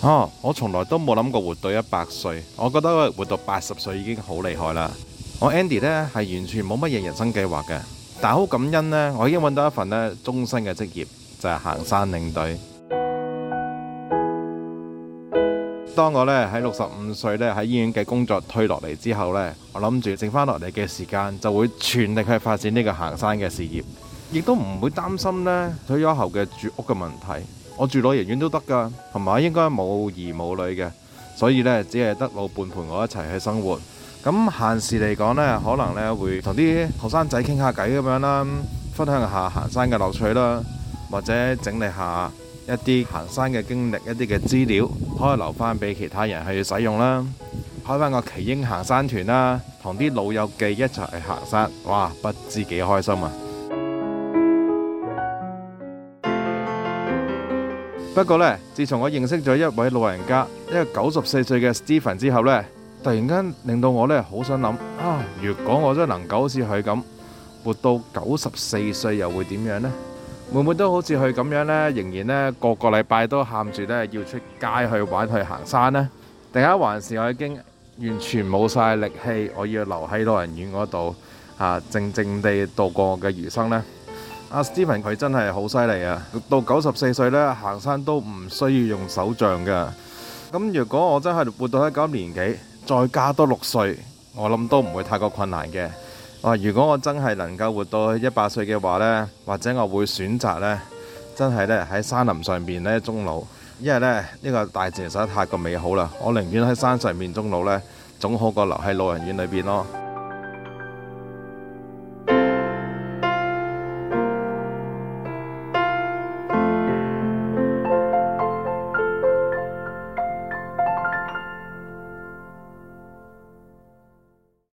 哦，我從來都冇諗過活到一百歲，我覺得活到八十歲已經好厲害啦。我 Andy 呢係完全冇乜嘢人生計劃嘅，但好感恩呢。我已經搵到一份呢終身嘅職業，就係行山領隊。當我呢喺六十五歲呢，喺醫院嘅工作退落嚟之後呢，我諗住剩翻落嚟嘅時間就會全力去發展呢個行山嘅事業，亦都唔會擔心呢退休後嘅住屋嘅問題。我住老人院都得㗎，同埋應該冇兒冇女嘅，所以呢，只係得老伴陪我一齊去生活。咁、嗯、閒時嚟講呢，可能呢，會同啲學生仔傾下偈咁樣啦，分享下行山嘅樂趣啦，或者整理下一啲行山嘅經歷、一啲嘅資料，可以留翻俾其他人去使用啦。開翻個奇英行山團啦，同啲老友記一齊行山，哇，不知幾開心啊！不過呢，自從我認識咗一位老人家，一個九十四歲嘅 Stephen 之後呢，突然間令到我呢好想諗啊！如果我真能夠好似佢咁活到九十四歲，又會點樣呢？會唔會都好似佢咁樣呢？仍然呢，個個禮拜都喊住呢要出街去玩去行山呢？定係還是我已經完全冇晒力氣，我要留喺老人院嗰度啊，靜靜地度過我嘅餘生呢。」阿 Steven 佢真係好犀利啊！到九十四歲呢，行山都唔需要用手杖噶。咁如果我真係活到一九年紀，再加多六歲，我諗都唔會太過困難嘅。哇！如果我真係能夠活到一百歲嘅話呢，或者我會選擇呢，真係呢，喺山林上面呢，終老，因為呢，呢、呢個大自然實在太過美好啦。我寧願喺山上面終老呢，總好過留喺老人院裏邊咯。